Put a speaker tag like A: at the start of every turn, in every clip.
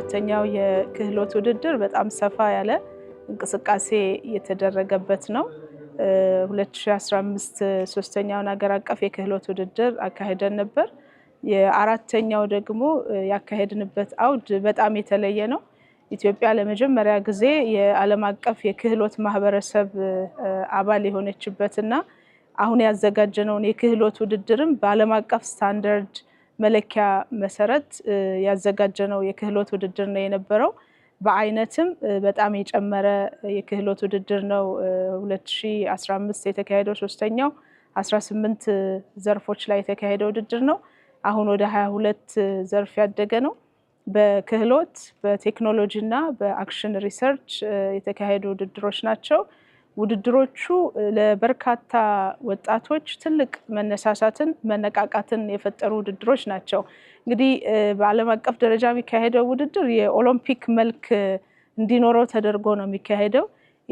A: አራተኛው የክህሎት ውድድር በጣም ሰፋ ያለ እንቅስቃሴ የተደረገበት ነው። 2015 ሶስተኛውን ሀገር አቀፍ የክህሎት ውድድር አካሄደን ነበር። የአራተኛው ደግሞ ያካሄድንበት አውድ በጣም የተለየ ነው። ኢትዮጵያ ለመጀመሪያ ጊዜ የዓለም አቀፍ የክህሎት ማህበረሰብ አባል የሆነችበት እና አሁን ያዘጋጀነውን የክህሎት ውድድርም በዓለም አቀፍ ስታንዳርድ መለኪያ መሰረት ያዘጋጀነው የክህሎት ውድድር ነው የነበረው። በአይነትም በጣም የጨመረ የክህሎት ውድድር ነው። 2015 የተካሄደው ሶስተኛው 18 ዘርፎች ላይ የተካሄደ ውድድር ነው። አሁን ወደ 22 ዘርፍ ያደገ ነው። በክህሎት በቴክኖሎጂ እና በአክሽን ሪሰርች የተካሄዱ ውድድሮች ናቸው። ውድድሮቹ ለበርካታ ወጣቶች ትልቅ መነሳሳትን፣ መነቃቃትን የፈጠሩ ውድድሮች ናቸው። እንግዲህ በዓለም አቀፍ ደረጃ የሚካሄደው ውድድር የኦሎምፒክ መልክ እንዲኖረው ተደርጎ ነው የሚካሄደው።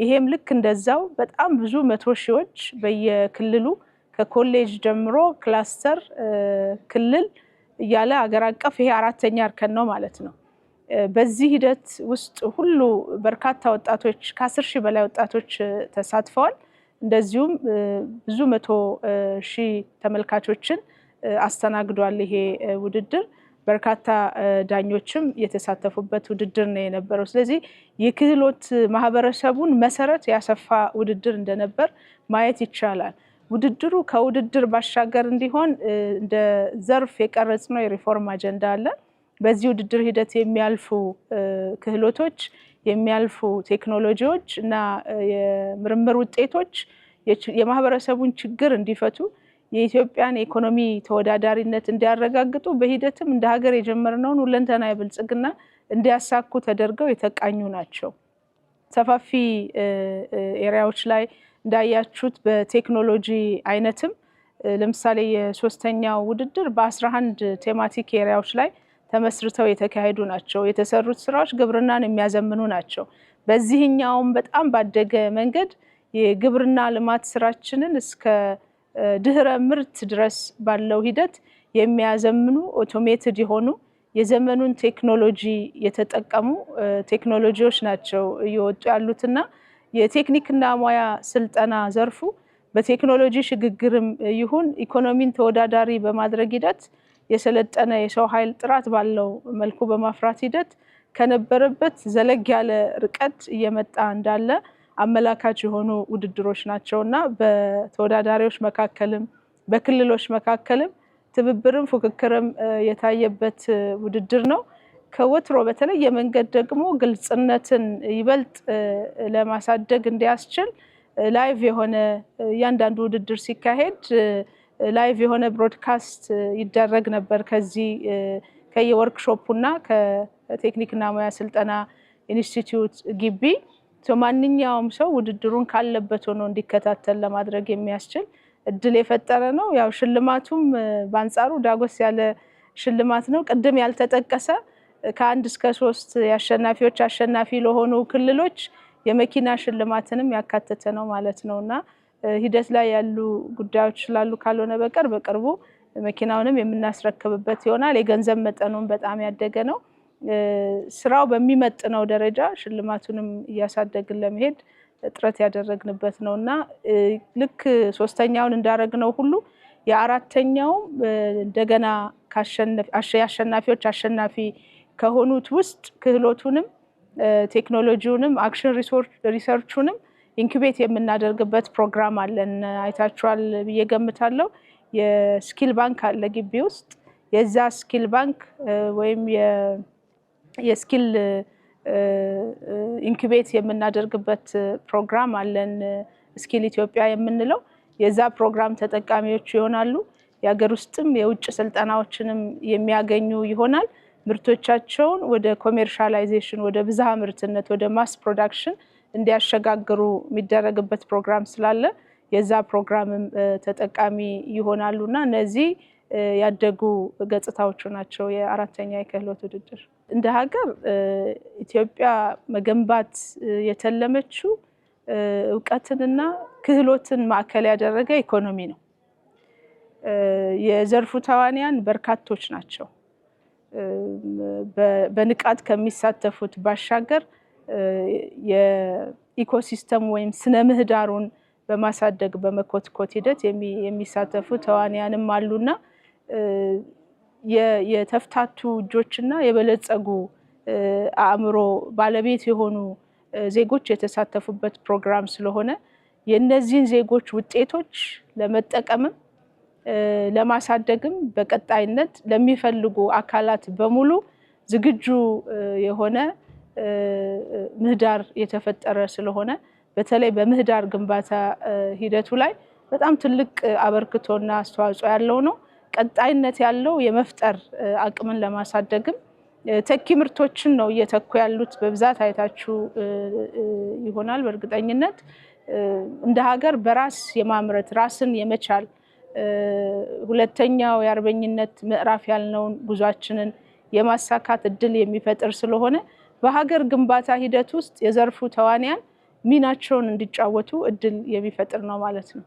A: ይሄም ልክ እንደዛው በጣም ብዙ መቶ ሺዎች በየክልሉ ከኮሌጅ ጀምሮ ክላስተር፣ ክልል እያለ አገር አቀፍ ይሄ አራተኛ እርከን ነው ማለት ነው። በዚህ ሂደት ውስጥ ሁሉ በርካታ ወጣቶች ከአስር ሺህ በላይ ወጣቶች ተሳትፈዋል። እንደዚሁም ብዙ መቶ ሺህ ተመልካቾችን አስተናግዷል። ይሄ ውድድር በርካታ ዳኞችም የተሳተፉበት ውድድር ነው የነበረው። ስለዚህ የክህሎት ማህበረሰቡን መሰረት ያሰፋ ውድድር እንደነበር ማየት ይቻላል። ውድድሩ ከውድድር ባሻገር እንዲሆን እንደ ዘርፍ የቀረጽ ነው የሪፎርም አጀንዳ አለን። በዚህ ውድድር ሂደት የሚያልፉ ክህሎቶች የሚያልፉ ቴክኖሎጂዎች እና የምርምር ውጤቶች የማህበረሰቡን ችግር እንዲፈቱ የኢትዮጵያን የኢኮኖሚ ተወዳዳሪነት እንዲያረጋግጡ በሂደትም እንደ ሀገር የጀመርነውን ሁለንተና የብልጽግና እንዲያሳኩ ተደርገው የተቃኙ ናቸው። ሰፋፊ ኤሪያዎች ላይ እንዳያችሁት በቴክኖሎጂ አይነትም ለምሳሌ የሶስተኛው ውድድር በአስራ አንድ ቴማቲክ ኤሪያዎች ላይ ተመስርተው የተካሄዱ ናቸው። የተሰሩት ስራዎች ግብርናን የሚያዘምኑ ናቸው። በዚህኛውም በጣም ባደገ መንገድ የግብርና ልማት ስራችንን እስከ ድህረ ምርት ድረስ ባለው ሂደት የሚያዘምኑ ኦቶሜትድ የሆኑ የዘመኑን ቴክኖሎጂ የተጠቀሙ ቴክኖሎጂዎች ናቸው እየወጡ ያሉትና የቴክኒክና ሙያ ስልጠና ዘርፉ በቴክኖሎጂ ሽግግርም ይሁን ኢኮኖሚን ተወዳዳሪ በማድረግ ሂደት የሰለጠነ የሰው ኃይል ጥራት ባለው መልኩ በማፍራት ሂደት ከነበረበት ዘለግ ያለ ርቀት እየመጣ እንዳለ አመላካች የሆኑ ውድድሮች ናቸው እና በተወዳዳሪዎች መካከልም በክልሎች መካከልም ትብብርም ፉክክርም የታየበት ውድድር ነው። ከወትሮ በተለየ መንገድ ደግሞ ግልጽነትን ይበልጥ ለማሳደግ እንዲያስችል ላይቭ የሆነ እያንዳንዱ ውድድር ሲካሄድ ላይቭ የሆነ ብሮድካስት ይደረግ ነበር ከዚህ ከየወርክሾፑ እና ከቴክኒክና ሙያ ስልጠና ኢንስቲትዩት ግቢ ማንኛውም ሰው ውድድሩን ካለበት ሆኖ እንዲከታተል ለማድረግ የሚያስችል እድል የፈጠረ ነው። ያው ሽልማቱም በአንጻሩ ዳጎስ ያለ ሽልማት ነው። ቅድም ያልተጠቀሰ ከአንድ እስከ ሶስት የአሸናፊዎች አሸናፊ ለሆኑ ክልሎች የመኪና ሽልማትንም ያካተተ ነው ማለት ነው እና ሂደት ላይ ያሉ ጉዳዮች ስላሉ ካልሆነ በቀር በቅርቡ መኪናውንም የምናስረክብበት ይሆናል። የገንዘብ መጠኑን በጣም ያደገ ነው። ስራው በሚመጥነው ደረጃ ሽልማቱንም እያሳደግን ለመሄድ ጥረት ያደረግንበት ነው እና ልክ ሶስተኛውን እንዳደረግነው ሁሉ የአራተኛው እንደገና አሸናፊዎች አሸናፊ ከሆኑት ውስጥ ክህሎቱንም ቴክኖሎጂውንም አክሽን ሪሰርቹንም ኢንኩቤት የምናደርግበት ፕሮግራም አለን። አይታችኋል ብዬ ገምታለሁ። የስኪል ባንክ አለ ግቢ ውስጥ። የዛ ስኪል ባንክ ወይም የስኪል ኢንኩቤት የምናደርግበት ፕሮግራም አለን። ስኪል ኢትዮጵያ የምንለው የዛ ፕሮግራም ተጠቃሚዎች ይሆናሉ። የሀገር ውስጥም የውጭ ስልጠናዎችንም የሚያገኙ ይሆናል። ምርቶቻቸውን ወደ ኮሜርሻላይዜሽን፣ ወደ ብዝሃ ምርትነት፣ ወደ ማስ ፕሮዳክሽን እንዲያሸጋግሩ የሚደረግበት ፕሮግራም ስላለ የዛ ፕሮግራምም ተጠቃሚ ይሆናሉ እና እነዚህ ያደጉ ገጽታዎቹ ናቸው። የአራተኛ የክህሎት ውድድር እንደ ሀገር ኢትዮጵያ መገንባት የተለመችው እውቀትንና ክህሎትን ማዕከል ያደረገ ኢኮኖሚ ነው። የዘርፉ ተዋንያን በርካቶች ናቸው። በንቃት ከሚሳተፉት ባሻገር የኢኮሲስተም ወይም ስነ ምህዳሩን በማሳደግ በመኮትኮት ሂደት የሚሳተፉ ተዋንያንም አሉና የተፍታቱ እጆችና የበለጸጉ አእምሮ ባለቤት የሆኑ ዜጎች የተሳተፉበት ፕሮግራም ስለሆነ የእነዚህን ዜጎች ውጤቶች ለመጠቀምም ለማሳደግም በቀጣይነት ለሚፈልጉ አካላት በሙሉ ዝግጁ የሆነ ምህዳር የተፈጠረ ስለሆነ በተለይ በምህዳር ግንባታ ሂደቱ ላይ በጣም ትልቅ አበርክቶና አስተዋጽኦ ያለው ነው። ቀጣይነት ያለው የመፍጠር አቅምን ለማሳደግም ተኪ ምርቶችን ነው እየተኩ ያሉት። በብዛት አይታችሁ ይሆናል በእርግጠኝነት እንደ ሀገር በራስ የማምረት ራስን የመቻል ሁለተኛው የአርበኝነት ምዕራፍ ያልነውን ጉዟችንን የማሳካት እድል የሚፈጥር ስለሆነ በሀገር ግንባታ ሂደት ውስጥ የዘርፉ ተዋንያን ሚናቸውን እንዲጫወቱ እድል የሚፈጥር ነው ማለት ነው።